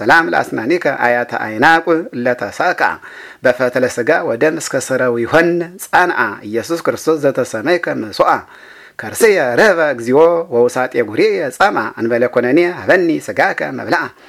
ሰላም ለአስናኒከ አያተ አይናቁ ለተሳቃ በፈትለ ስጋ ወደም እስከ ይሆን ጻንአ ኢየሱስ ክርስቶስ ዘተሰመይከ መስዋ ከርስየ ረበ እግዚኦ ወውሳጤ ጉሬ የጻማ እንበለ ኮነኔ ሀበኒ ስጋከ መብላአ